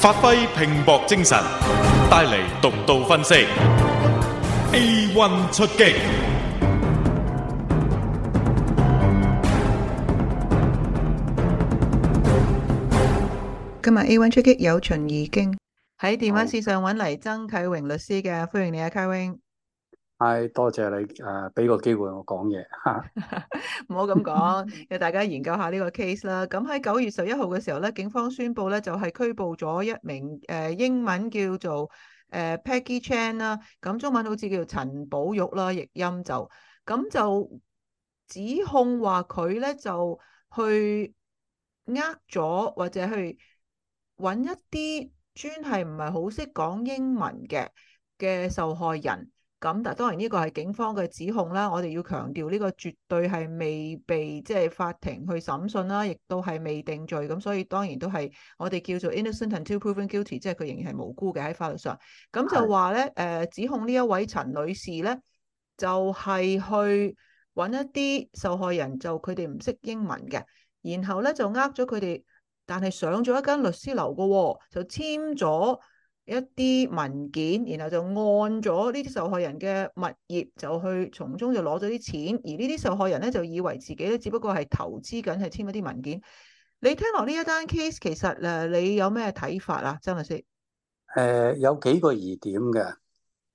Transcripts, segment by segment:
發揮拼搏精神，帶嚟獨到分析。A one 出擊，今日 A one 出擊有秦怡經喺電話線上揾嚟曾啟榮律師嘅，歡迎你啊，Carwin。係，多謝你誒，俾個機會我講嘢吓，唔好咁講，要 大家研究下呢個 case 啦。咁喺九月十一號嘅時候咧，警方宣布咧就係、是、拘捕咗一名誒、呃、英文叫做誒、呃、Peggy Chan 啦、啊，咁中文好似叫陳寶玉啦，譯音就咁就指控話佢咧就去呃咗或者去搵一啲專係唔係好識講英文嘅嘅受害人。咁但係當然呢個係警方嘅指控啦，我哋要強調呢個絕對係未被即係、就是、法庭去審訊啦，亦都係未定罪咁，所以當然都係我哋叫做 innocent until proven guilty，即係佢仍然係無辜嘅喺法律上。咁就話咧誒，指控呢一位陳女士咧，就係、是、去揾一啲受害人，就佢哋唔識英文嘅，然後咧就呃咗佢哋，但係上咗一間律師樓嘅喎、哦，就簽咗。一啲文件，然後就按咗呢啲受害人嘅物業，就去從中就攞咗啲錢。而呢啲受害人咧就以為自己咧只不過係投資緊，係簽一啲文件。你聽落呢一單 case，其實誒你有咩睇法啊，曾律師？誒、呃、有幾個疑點嘅誒、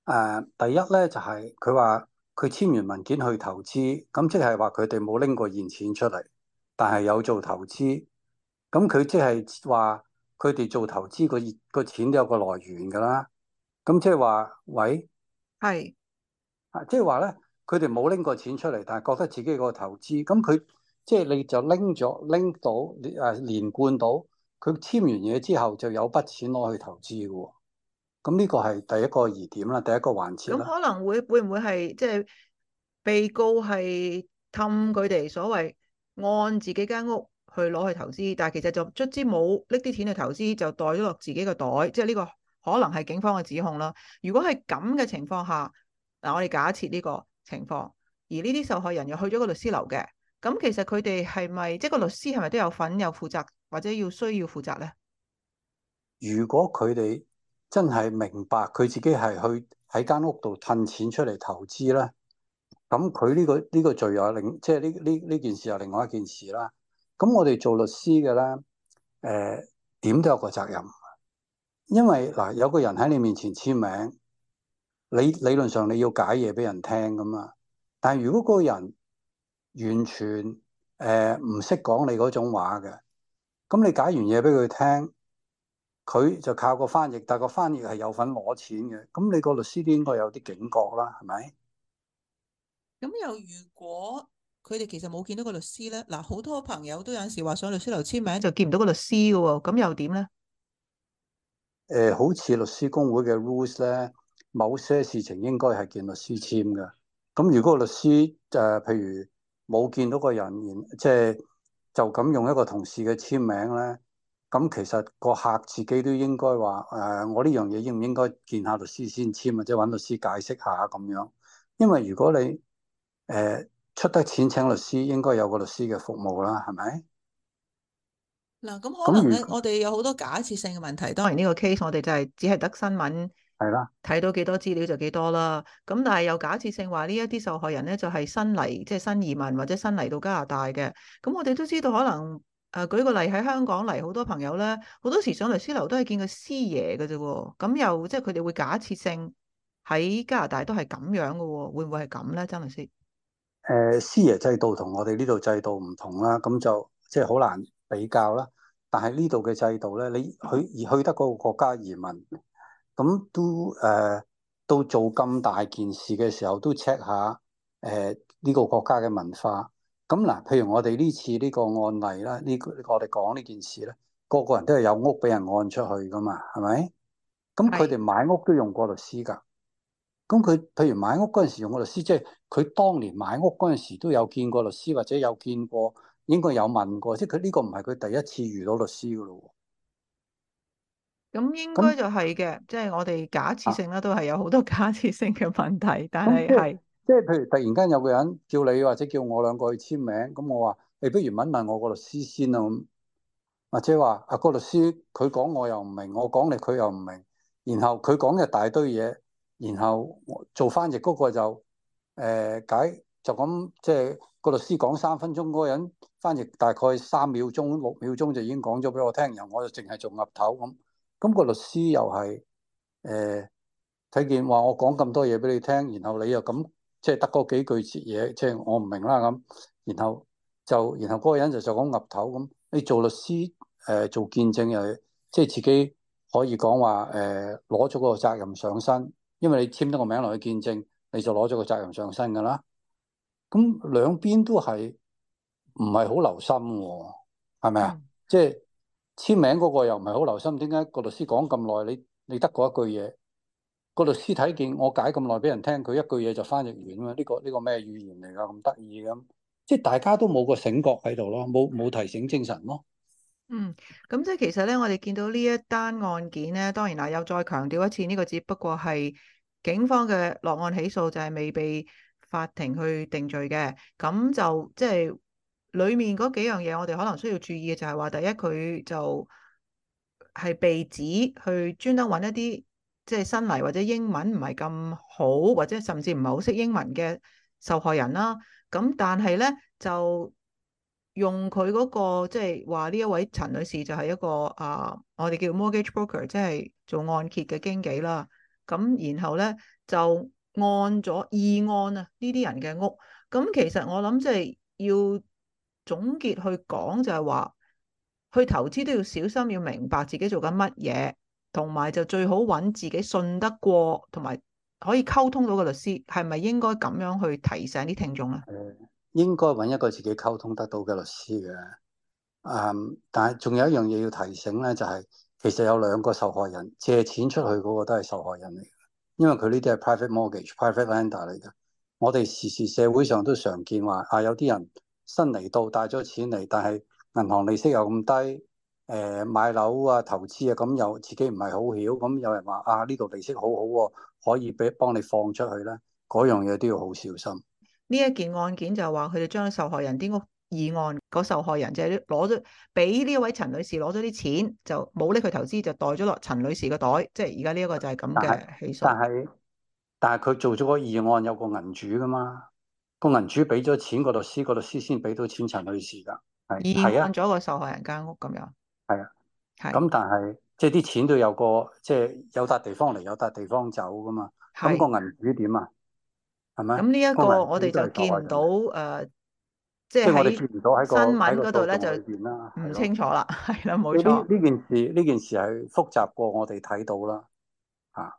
呃，第一咧就係佢話佢簽完文件去投資，咁即係話佢哋冇拎過現錢出嚟，但係有做投資。咁佢即係話。佢哋做投資個熱個錢都有個來源㗎啦，咁即係話，喂，係啊是，即係話咧，佢哋冇拎過錢出嚟，但係覺得自己個投資，咁佢即係你就拎咗拎到啊連貫到，佢簽完嘢之後就有筆錢攞去投資㗎喎，咁呢個係第一個疑點啦，第一個環節啦。咁可能會會唔會係即係被告係氹佢哋所謂按自己間屋？去攞去投資，但係其實就卒之冇搦啲錢去投資，就袋咗落自己個袋，即係呢個可能係警方嘅指控啦。如果係咁嘅情況下，嗱，我哋假設呢個情況，而呢啲受害人又去咗個律師樓嘅，咁其實佢哋係咪即係個律師係咪都有份有負責，或者要需要負責咧？如果佢哋真係明白佢自己係去喺間屋度揼錢出嚟投資啦，咁佢呢個呢個罪又另，即係呢呢呢件事又另外一件事啦。咁我哋做律師嘅咧，誒、呃，點都有個責任，啊，因為嗱、呃、有個人喺你面前簽名，你理理論上你要解嘢俾人聽噶嘛，但係如果嗰個人完全誒唔識講你嗰種話嘅，咁你解完嘢俾佢聽，佢就靠個翻譯，但係個翻譯係有份攞錢嘅，咁你個律師都應該有啲警覺啦，係咪？咁又如果？佢哋其實冇見到個律師咧，嗱、啊、好多朋友都有陣時話上律師樓簽名就見唔到個律師嘅喎、哦，咁又點咧？誒、呃，好似律師公會嘅 rules 咧，某些事情應該係見律師簽嘅。咁如果個律師誒、呃，譬如冇見到個人，即係就咁用一個同事嘅簽名咧，咁其實個客自己都應該話誒、呃，我呢樣嘢應唔應該見下律師先簽或者搵律師解釋下咁樣。因為如果你誒，呃出得錢請律師，應該有個律師嘅服務啦，係咪？嗱，咁可能咧，果我哋有好多假設性嘅問題。當然呢個 case，我哋就係只係得新聞，係啦的，睇到幾多資料就幾多啦。咁但係又假設性話呢一啲受害人咧，就係、是、新嚟，即、就、係、是、新移民或者新嚟到加拿大嘅。咁我哋都知道，可能誒、呃、舉個例喺香港嚟好多朋友咧，好多時上律師樓都係見個師爺㗎啫喎。咁又即係佢哋會假設性喺加拿大都係咁樣嘅喎、哦，會唔會係咁咧，曾律師？誒，師爺、呃、制度同我哋呢度制度唔同啦，咁就即係好難比較啦。但係呢度嘅制度咧，你去而去得嗰個國家移民，咁都誒、到、呃、做咁大件事嘅時候，都 check 下誒呢、呃這個國家嘅文化。咁嗱，譬如我哋呢次呢個案例啦，呢、這個、我哋講呢件事咧，個個人都係有屋俾人按出去噶嘛，係咪？咁佢哋買屋都用過律師噶。咁佢譬如買屋嗰陣時用個律師，即係佢當年買屋嗰陣時都有見過律師，或者有見過，應該有問過，即係佢呢個唔係佢第一次遇到律師噶咯。咁應該就係嘅，即係、啊、我哋假設性啦，都係有好多假設性嘅問題。但係係，即係、就是就是、譬如突然間有個人叫你或者叫我兩個去簽名，咁我話你不如問問我律、那個律師先啊，咁或者話阿個律師佢講我又唔明，我講你佢又唔明，然後佢講嘅大堆嘢。然後做翻譯嗰個就誒、呃、解就咁即係，個律師講三分鐘，嗰個人翻譯大概三秒鐘六秒鐘就已經講咗俾我聽，然後我就淨係做岌頭咁。咁、嗰個律師又係誒睇見話我講咁多嘢俾你聽，然後你又咁即係得嗰幾句嘢，即係我唔明啦咁。然後就然後嗰個人就就講岌頭咁。你做律師誒、呃、做見證又、就是、即係自己可以講話誒攞咗個責任上身。因為你簽咗個名落去見證，你就攞咗個責任上身噶啦。咁兩邊都係唔係好留心，係咪啊？即係簽名嗰個又唔係好留心，點解個律師講咁耐？你你得過一句嘢，個律師睇見我解咁耐俾人聽，佢一句嘢就翻譯完啊嘛？呢個呢個咩語言嚟噶？咁得意咁，即係大家都冇個醒覺喺度咯，冇冇提醒精神咯。嗯，咁即係其實咧，我哋見到呢一單案件咧，當然啊，又再強調一次，呢個只不過係。警方嘅落案起訴就係未被法庭去定罪嘅，咁就即係、就係、裡面嗰幾樣嘢，我哋可能需要注意嘅就係話，第一佢就係被指去專登揾一啲即係新嚟或者英文唔係咁好，或者甚至唔係好識英文嘅受害人啦。咁但係咧就用佢嗰、嗰個即係話呢一位陳女士就係一個啊，我哋叫 mortgage broker，即係做按揭嘅經紀啦。咁然後咧就按咗二按啊呢啲人嘅屋，咁其實我諗即係要總結去講就係話，去投資都要小心，要明白自己做緊乜嘢，同埋就最好揾自己信得過同埋可以溝通到嘅律師，係咪應該咁樣去提醒啲聽眾咧？誒，應該揾一個自己溝通得到嘅律師嘅，嗯，但係仲有一樣嘢要提醒咧，就係、是。其實有兩個受害人，借錢出去嗰個都係受害人嚟嘅，因為佢呢啲係 private mortgage、private lender 嚟嘅。我哋時時社會上都常見話，啊有啲人新嚟到帶咗錢嚟，但係銀行利息又咁低，誒買樓啊、投資啊咁又自己唔係好曉，咁有人話啊，呢度利息好好喎，可以俾幫你放出去咧，嗰樣嘢都要好小心。呢一件案件就係話佢哋將受害人啲屋二按個受害人就係攞咗俾呢一位陳女士攞咗啲錢，就冇拎去投資，就袋咗落陳女士個袋。即係而家呢一個就係咁嘅。起但係但係佢做咗個二按，有個銀主㗎嘛，個銀主俾咗錢個律師，個律師先俾到錢陳女士㗎。係二按咗個受害人間屋咁樣。係啊，係咁、啊，是但係即係啲錢都有個即係、就是、有笪地方嚟，有笪地方走㗎嘛。咁是個銀主點啊？係咪嗎？咁呢一個，個我哋就見到誒。呃即係喺新聞嗰度咧就唔清楚啦，係啦冇錯。呢件事呢件事係複雜過我哋睇到啦。啊，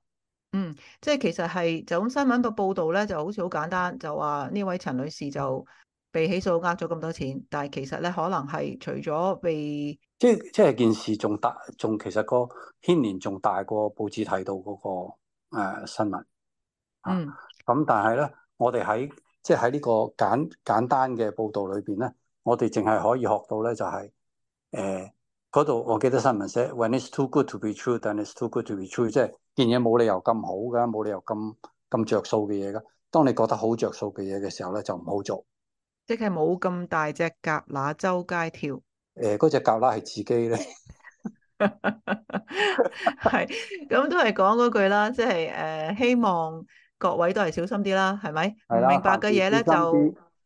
嗯，即係其實係就咁新聞個報道咧就好似好簡單，就話呢位陳女士就被起訴呃咗咁多錢，但係其實咧可能係除咗被即即係件事仲大，仲其實個牽連仲大過報紙睇到嗰個誒新聞。嗯、啊。咁但係咧，我哋喺即係喺呢個簡簡單嘅報導裏邊咧，我哋淨係可以學到咧，就係誒嗰度，我記得新聞寫，when it's too good to be true，then it's too good to be true，即係件嘢冇理由咁好㗎，冇理由咁咁著數嘅嘢噶。當你覺得好著數嘅嘢嘅時候咧，就唔好做。即係冇咁大隻蛤乸周街跳。誒，嗰隻蛤乸係自己咧。係，咁都係講嗰句啦，即係誒希望。各位都係小心啲啦，係咪唔明白嘅嘢咧，就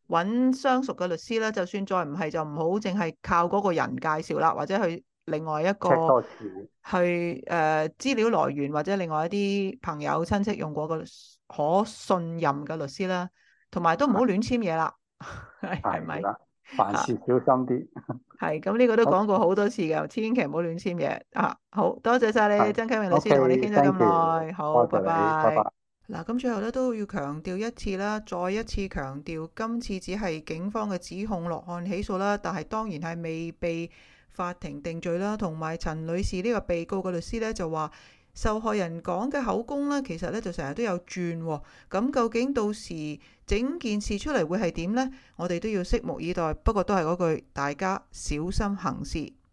揾相熟嘅律師啦。就算再唔係，就唔好淨係靠嗰個人介紹啦，或者去另外一個去誒資料來源，或者另外一啲朋友親戚用過嘅可信任嘅律師啦。同埋都唔好亂簽嘢啦，係咪凡事小心啲？係咁，呢個都講過好多次嘅，千祈唔好亂簽嘢啊！好多謝晒你，曾啟明律師同你傾咗咁耐，好，拜拜。嗱，咁最後咧都要強調一次啦，再一次強調，今次只係警方嘅指控落案起訴啦，但係當然係未被法庭定罪啦。同埋陳女士呢個被告嘅律師呢，就話，受害人講嘅口供呢，其實呢就成日都有轉。咁究竟到時整件事出嚟會係點呢？我哋都要拭目以待。不過都係嗰句，大家小心行事。